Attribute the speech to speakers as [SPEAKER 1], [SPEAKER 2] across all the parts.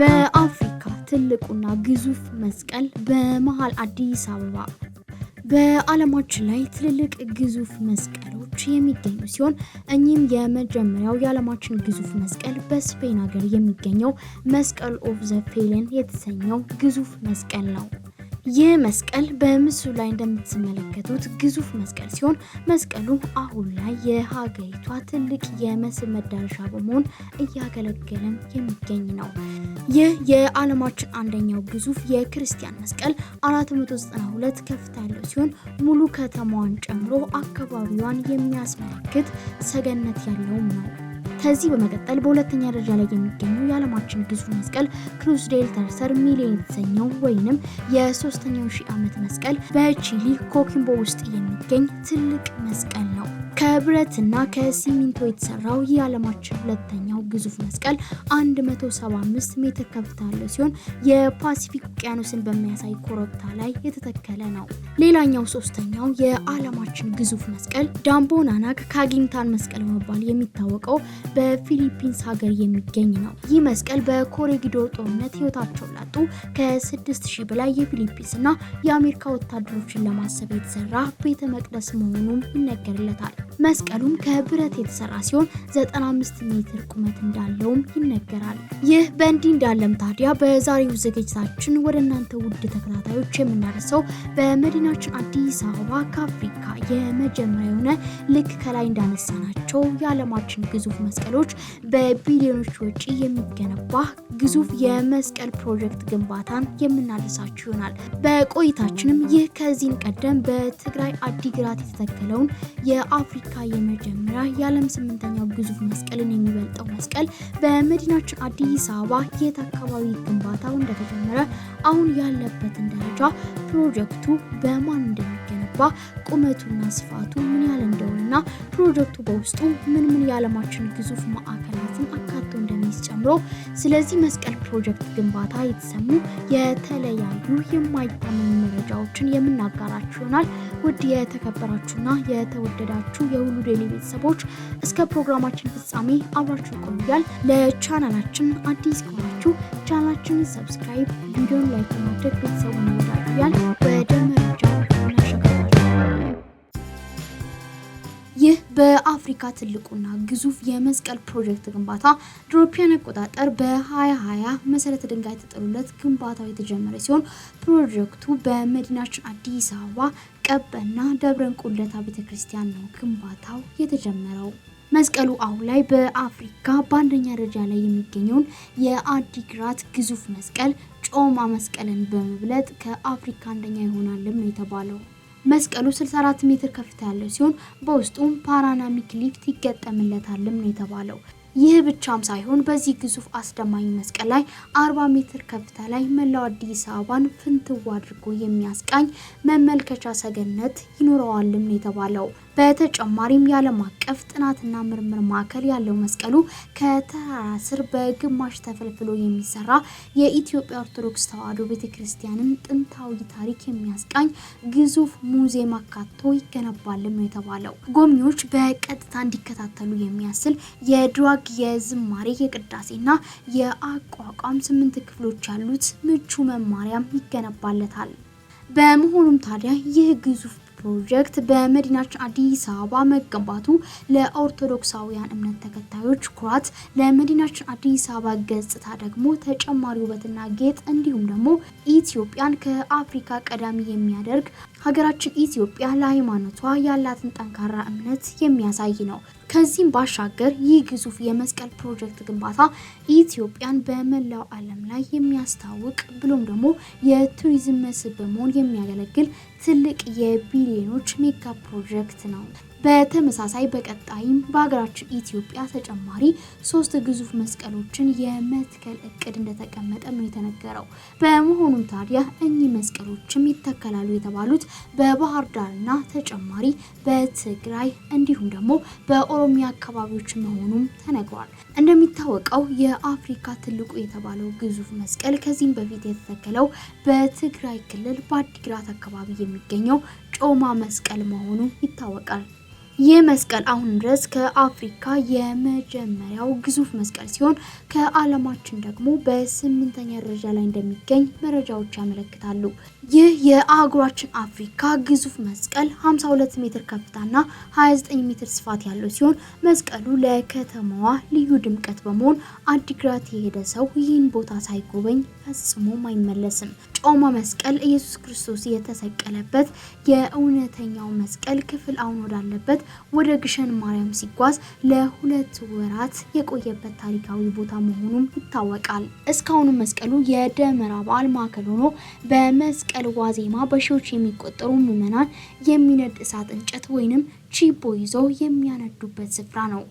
[SPEAKER 1] በአፍሪካ ትልቁና ግዙፍ መስቀል በመሀል አዲስ አበባ። በዓለማችን ላይ ትልልቅ ግዙፍ መስቀሎች የሚገኙ ሲሆን እኚህም የመጀመሪያው የዓለማችን ግዙፍ መስቀል በስፔን ሀገር የሚገኘው መስቀል ኦፍ ዘ የተሰኘው ግዙፍ መስቀል ነው። ይህ መስቀል በምስሉ ላይ እንደምትመለከቱት ግዙፍ መስቀል ሲሆን መስቀሉ አሁን ላይ የሀገሪቷ ትልቅ የመስህብ መዳረሻ በመሆን እያገለገለም የሚገኝ ነው። ይህ የዓለማችን አንደኛው ግዙፍ የክርስቲያን መስቀል 492 ከፍታ ያለው ሲሆን ሙሉ ከተማዋን ጨምሮ አካባቢዋን የሚያስመለክት ሰገነት ያለውም ነው። ከዚህ በመቀጠል በሁለተኛ ደረጃ ላይ የሚገኘው የዓለማችን ግዙፍ መስቀል ክሩስዴል ተርሰር ሚሊዮን የተሰኘው ወይንም የሶስተኛው ሺህ ዓመት መስቀል በቺሊ ኮኪምቦ ውስጥ የሚገኝ ትልቅ መስቀል ነው። ከብረትና ከሲሚንቶ የተሰራው የዓለማችን ሁለተኛ ግዙፍ መስቀል 175 ሜትር ከፍታ ያለው ሲሆን የፓሲፊክ ውቅያኖስን በሚያሳይ ኮረብታ ላይ የተተከለ ነው። ሌላኛው ሶስተኛው የዓለማችን ግዙፍ መስቀል ዳምቦ ናናክ ካጊንታን መስቀል በመባል የሚታወቀው በፊሊፒንስ ሀገር የሚገኝ ነው። ይህ መስቀል በኮሪጊዶር ጦርነት ህይወታቸውን ላጡ ከ6000 በላይ የፊሊፒንስ እና የአሜሪካ ወታደሮችን ለማሰብ የተሰራ ቤተ መቅደስ መሆኑም ይነገርለታል። መስቀሉም ከብረት የተሰራ ሲሆን 95 ሜትር ቁመት እንዳለውም ይነገራል። ይህ በእንዲህ እንዳለም ታዲያ በዛሬው ዝግጅታችን ወደ እናንተ ውድ ተከታታዮች የምናደርሰው በመዲናችን አዲስ አበባ ከአፍሪካ የመጀመሪያ የሆነ ልክ ከላይ እንዳነሳናቸው የዓለማችን ግዙፍ መስቀሎች በቢሊዮኖች ወጪ የሚገነባ ግዙፍ የመስቀል ፕሮጀክት ግንባታን የምናደርሳችሁ ይሆናል። በቆይታችንም ይህ ከዚህን ቀደም በትግራይ አዲግራት የተተከለውን የአፍሪካ የመጀመሪያ የዓለም ስምንተኛው ግዙፍ መስቀልን የሚበልጠው መስቀል መስቀል በመዲናችን አዲስ አበባ የት አካባቢ ግንባታው እንደተጀመረ፣ አሁን ያለበትን ደረጃ፣ ፕሮጀክቱ በማን እንደሚገነባ፣ ቁመቱና ስፋቱ ምን ያህል እንደሆነና ፕሮጀክቱ በውስጡ ምን ምን የዓለማችን ግዙፍ ማዕከላትን አካ ጨምሮ ስለዚህ መስቀል ፕሮጀክት ግንባታ የተሰሙ የተለያዩ የማይታመኑ መረጃዎችን የምናጋራችሁ ይሆናል። ውድ የተከበራችሁና የተወደዳችሁ የሁሉ ዴይሊ ቤተሰቦች እስከ ፕሮግራማችን ፍጻሜ አብራችሁ ይቆያል ለቻናላችን አዲስ ከሆናችሁ ቻናላችንን ሰብስክራይብ፣ ቪዲዮን ላይክ በማድረግ ቤተሰቡን ወዳያል ወደ በአፍሪካ ትልቁና ግዙፍ የመስቀል ፕሮጀክት ግንባታ ድሮፒያን አቆጣጠር በ2020 መሰረተ ድንጋይ ተጥሎለት ግንባታው የተጀመረ ሲሆን ፕሮጀክቱ በመዲናችን አዲስ አበባ ቀበና ደብረን ቁለታ ቤተክርስቲያን ነው ግንባታው የተጀመረው። መስቀሉ አሁን ላይ በአፍሪካ በአንደኛ ደረጃ ላይ የሚገኘውን የአዲግራት ግዙፍ መስቀል ጮማ መስቀልን በመብለጥ ከአፍሪካ አንደኛ ይሆናልም ነው የተባለው። መስቀሉ 64 ሜትር ከፍታ ያለው ሲሆን በውስጡም ፓራናሚክ ሊፍት ይገጠምለታልም ነው የተባለው። ይህ ብቻም ሳይሆን በዚህ ግዙፍ አስደማኝ መስቀል ላይ 40 ሜትር ከፍታ ላይ መላው አዲስ አበባን ፍንትው አድርጎ የሚያስቃኝ መመልከቻ ሰገነት ይኖረዋልም ነው የተባለው። በተጨማሪም የዓለም አቀፍ ጥናትና ምርምር ማዕከል ያለው መስቀሉ ከተራራ ስር በግማሽ ተፈልፍሎ የሚሰራ የኢትዮጵያ ኦርቶዶክስ ተዋሕዶ ቤተክርስቲያንን ጥንታዊ ታሪክ የሚያስቃኝ ግዙፍ ሙዚየም አካቶ ይገነባልም ነው የተባለው። ጎብኚዎች በቀጥታ እንዲከታተሉ የሚያስችል የድራግ የዝማሬ የቅዳሴና የአቋቋም ስምንት ክፍሎች ያሉት ምቹ መማሪያም ይገነባለታል። በመሆኑም ታዲያ ይህ ግዙፍ ፕሮጀክት በመዲናችን አዲስ አበባ መገንባቱ ለኦርቶዶክሳውያን እምነት ተከታዮች ኩራት፣ ለመዲናችን አዲስ አበባ ገጽታ ደግሞ ተጨማሪ ውበትና ጌጥ እንዲሁም ደግሞ ኢትዮጵያን ከአፍሪካ ቀዳሚ የሚያደርግ ሀገራችን ኢትዮጵያ ለሃይማኖቷ ያላትን ጠንካራ እምነት የሚያሳይ ነው። ከዚህም ባሻገር ይህ ግዙፍ የመስቀል ፕሮጀክት ግንባታ ኢትዮጵያን በመላው ዓለም ላይ የሚያስታውቅ ብሎም ደግሞ የቱሪዝም መስህብ በመሆን የሚያገለግል ትልቅ የቢሊዮኖች ሜጋ ፕሮጀክት ነው። በተመሳሳይ በቀጣይም በሀገራችን ኢትዮጵያ ተጨማሪ ሶስት ግዙፍ መስቀሎችን የመትከል እቅድ እንደተቀመጠ ነው የተነገረው። በመሆኑም ታዲያ እኚህ መስቀሎችም ይተከላሉ የተባሉት በባህር ዳርና ተጨማሪ በትግራይ እንዲሁም ደግሞ በኦሮሚያ አካባቢዎች መሆኑም ተነግሯል። እንደሚታወቀው የአፍሪካ ትልቁ የተባለው ግዙፍ መስቀል ከዚህም በፊት የተተከለው በትግራይ ክልል በአዲግራት አካባቢ የሚገኘው ጮማ መስቀል መሆኑ ይታወቃል። ይህ መስቀል አሁን ድረስ ከአፍሪካ የመጀመሪያው ግዙፍ መስቀል ሲሆን ከዓለማችን ደግሞ በስምንተኛ ደረጃ ላይ እንደሚገኝ መረጃዎች ያመለክታሉ። ይህ የአህጉራችን አፍሪካ ግዙፍ መስቀል 52 ሜትር ከፍታና 29 ሜትር ስፋት ያለው ሲሆን መስቀሉ ለከተማዋ ልዩ ድምቀት በመሆን አዲግራት የሄደ ሰው ይህን ቦታ ሳይጎበኝ ፈጽሞም አይመለስም። ጮማ መስቀል ኢየሱስ ክርስቶስ የተሰቀለበት የእውነተኛው መስቀል ክፍል አሁን ወዳለበት ወደ ግሸን ማርያም ሲጓዝ ለሁለት ወራት የቆየበት ታሪካዊ ቦታ መሆኑም ይታወቃል። እስካሁኑ መስቀሉ የደመራ በዓል ማዕከል ሆኖ በመስቀል ዋዜማ በሺዎች የሚቆጠሩ ምዕመናን የሚነድ እሳት እንጨት ወይንም ችቦ ይዘው የሚያነዱበት ስፍራ ነው።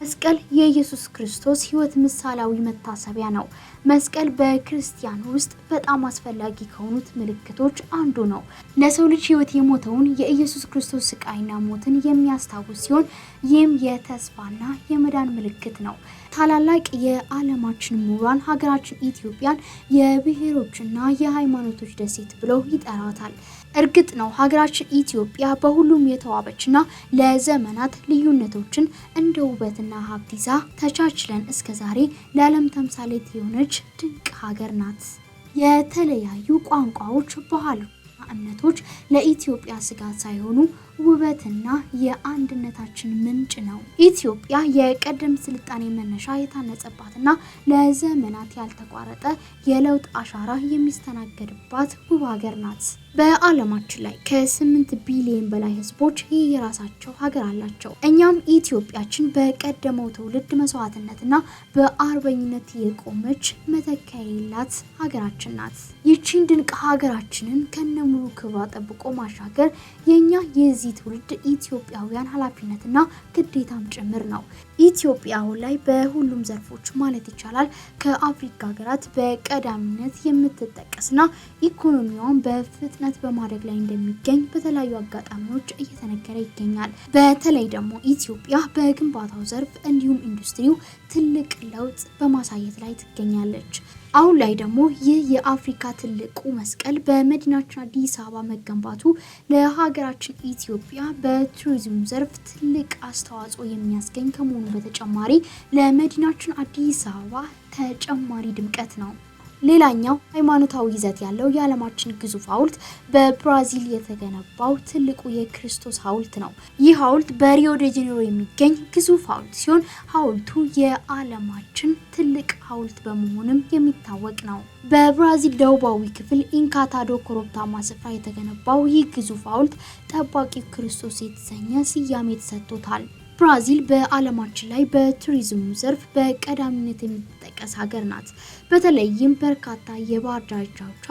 [SPEAKER 1] መስቀል የኢየሱስ ክርስቶስ ሕይወት ምሳሌያዊ መታሰቢያ ነው። መስቀል በክርስቲያን ውስጥ በጣም አስፈላጊ ከሆኑት ምልክቶች አንዱ ነው። ለሰው ልጅ ሕይወት የሞተውን የኢየሱስ ክርስቶስ ስቃይና ሞትን የሚያስታውስ ሲሆን ይህም የተስፋና የመዳን ምልክት ነው። ታላላቅ የዓለማችን ምሁራን ሀገራችን ኢትዮጵያን የብሔሮችና የሃይማኖቶች ደሴት ብለው ይጠራታል። እርግጥ ነው ሀገራችን ኢትዮጵያ በሁሉም የተዋበችና ለዘመናት ልዩነቶችን እንደ ውበትና ሀብት ይዛ ተቻችለን እስከ ዛሬ ለዓለም ተምሳሌት የሆነች ድንቅ ሀገር ናት። የተለያዩ ቋንቋዎች፣ ባህልና እምነቶች ለኢትዮጵያ ስጋት ሳይሆኑ ውበትና የአንድነታችን ምንጭ ነው። ኢትዮጵያ የቀደም ስልጣኔ መነሻ የታነጸባትና ለዘመናት ያልተቋረጠ የለውጥ አሻራ የሚስተናገድባት ውብ ሀገር ናት። በዓለማችን ላይ ከ8 ቢሊዮን በላይ ህዝቦች ይህ የራሳቸው ሀገር አላቸው። እኛም ኢትዮጵያችን በቀደመው ትውልድ መስዋዕትነትና በአርበኝነት የቆመች መተኪያ የሌላት ሀገራችን ናት። ይቺን ድንቅ ሀገራችንን ከነሙሉ ክብሯ ጠብቆ ማሻገር የእኛ የዚ የዚህ ትውልድ ኢትዮጵያውያን ኃላፊነትና ግዴታም ጭምር ነው። ኢትዮጵያ አሁን ላይ በሁሉም ዘርፎች ማለት ይቻላል ከአፍሪካ ሀገራት በቀዳሚነት የምትጠቀስና ኢኮኖሚዋን በፍጥነት በማደግ ላይ እንደሚገኝ በተለያዩ አጋጣሚዎች እየተነገረ ይገኛል። በተለይ ደግሞ ኢትዮጵያ በግንባታው ዘርፍ እንዲሁም ኢንዱስትሪው ትልቅ ለውጥ በማሳየት ላይ ትገኛለች። አሁን ላይ ደግሞ ይህ የአፍሪካ ትልቁ መስቀል በመዲናችን አዲስ አበባ መገንባቱ ለሀገራችን ኢትዮጵያ በቱሪዝም ዘርፍ ትልቅ አስተዋጽኦ የሚያስገኝ ከመሆኑ በተጨማሪ ለመዲናችን አዲስ አበባ ተጨማሪ ድምቀት ነው። ሌላኛው ሃይማኖታዊ ይዘት ያለው የዓለማችን ግዙፍ ሐውልት በብራዚል የተገነባው ትልቁ የክርስቶስ ሐውልት ነው። ይህ ሐውልት በሪዮ ደ ጄኔሮ የሚገኝ ግዙፍ ሐውልት ሲሆን ሐውልቱ የዓለማችን ትልቅ ሐውልት በመሆንም የሚታወቅ ነው። በብራዚል ደቡባዊ ክፍል ኢንካታዶ ኮረብታማ ስፍራ የተገነባው ይህ ግዙፍ ሐውልት ጠባቂ ክርስቶስ የተሰኘ ስያሜ ተሰጥቶታል። ብራዚል በዓለማችን ላይ በቱሪዝሙ ዘርፍ በቀዳሚነት የምትጠቀስ ሀገር ናት። በተለይም በርካታ የባህር ዳርቻዎቿ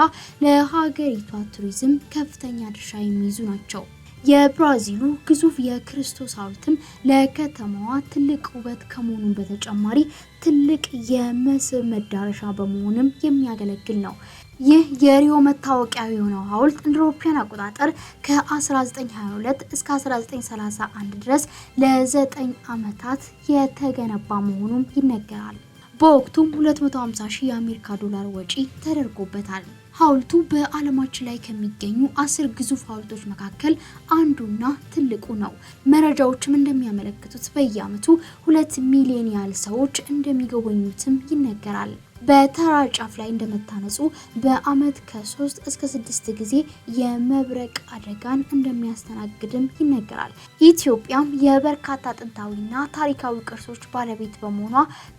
[SPEAKER 1] ለሀገሪቷ ቱሪዝም ከፍተኛ ድርሻ የሚይዙ ናቸው። የብራዚሉ ግዙፍ የክርስቶስ ሐውልትም ለከተማዋ ትልቅ ውበት ከመሆኑ በተጨማሪ ትልቅ የመስህብ መዳረሻ በመሆንም የሚያገለግል ነው። ይህ የሪዮ መታወቂያ የሆነው ሐውልት እንደ አውሮፓውያን አቆጣጠር ከ1922 እስከ 1931 ድረስ ለ9 ዓመታት የተገነባ መሆኑም ይነገራል። በወቅቱም 250 ሺህ የአሜሪካ ዶላር ወጪ ተደርጎበታል። ሐውልቱ በዓለማችን ላይ ከሚገኙ አስር ግዙፍ ሐውልቶች መካከል አንዱና ትልቁ ነው። መረጃዎችም እንደሚያመለክቱት በየዓመቱ ሁለት ሚሊዮን ያህል ሰዎች እንደሚጎበኙትም ይነገራል። በተራ ጫፍ ላይ እንደመታነጹ በአመት ከሶስት እስከ ስድስት ጊዜ የመብረቅ አደጋን እንደሚያስተናግድም ይነገራል። ኢትዮጵያም የበርካታ ጥንታዊና ታሪካዊ ቅርሶች ባለቤት በመሆኗ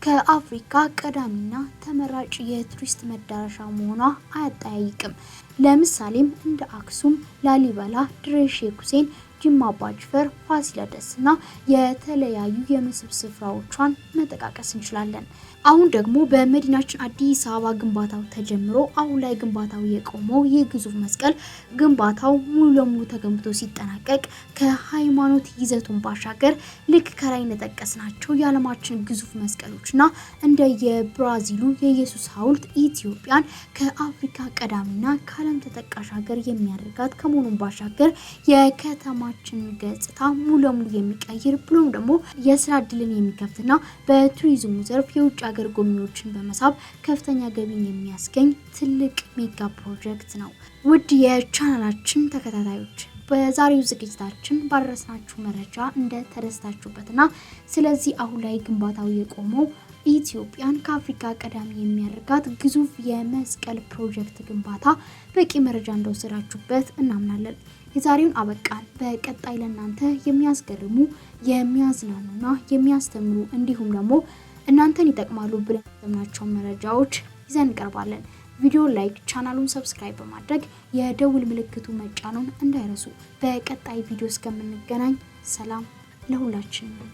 [SPEAKER 1] ከአፍሪካ ቀዳሚና ተመራጭ የቱሪስት መዳረሻ መሆኗ አያጠያይቅም። ለምሳሌም እንደ አክሱም፣ ላሊበላ፣ ድሬ ሼክ ሁሴን ጅማ አባጅፈር፣ ፋሲለደስና የተለያዩ የመስህብ ስፍራዎቿን መጠቃቀስ እንችላለን። አሁን ደግሞ በመዲናችን አዲስ አበባ ግንባታው ተጀምሮ አሁን ላይ ግንባታው የቆመው ይህ ግዙፍ መስቀል ግንባታው ሙሉ ለሙሉ ተገንብቶ ሲጠናቀቅ ከሃይማኖት ይዘቱን ባሻገር ልክ ከላይ እንደጠቀስናቸው የዓለማችን ግዙፍ መስቀሎችና እንደ የብራዚሉ የኢየሱስ ሐውልት ኢትዮጵያን ከአፍሪካ ቀዳሚና ከዓለም ተጠቃሽ ሀገር የሚያደርጋት ከመሆኑን ባሻገር የከተማ የከተማችን ገጽታ ሙሉ ለሙሉ የሚቀይር ብሎም ደግሞ የስራ እድልን የሚከፍትና በቱሪዝሙ ዘርፍ የውጭ ሀገር ጎብኚዎችን በመሳብ ከፍተኛ ገቢን የሚያስገኝ ትልቅ ሜጋ ፕሮጀክት ነው። ውድ የቻናላችን ተከታታዮች በዛሬው ዝግጅታችን ባደረስናችሁ መረጃ እንደ ተደስታችሁበትና ስለዚህ አሁን ላይ ግንባታው የቆመው ኢትዮጵያን ከአፍሪካ ቀዳሚ የሚያደርጋት ግዙፍ የመስቀል ፕሮጀክት ግንባታ በቂ መረጃ እንደወሰዳችሁበት እናምናለን። የዛሬውን አበቃን። በቀጣይ ለእናንተ የሚያስገርሙ የሚያዝናኑና የሚያስተምሩ እንዲሁም ደግሞ እናንተን ይጠቅማሉ ብለን ያሰብናቸውን መረጃዎች ይዘን እንቀርባለን። ቪዲዮ ላይክ፣ ቻናሉን ሰብስክራይብ በማድረግ የደውል ምልክቱ መጫኑን እንዳይረሱ። በቀጣይ ቪዲዮ እስከምንገናኝ ሰላም ለሁላችን ነው።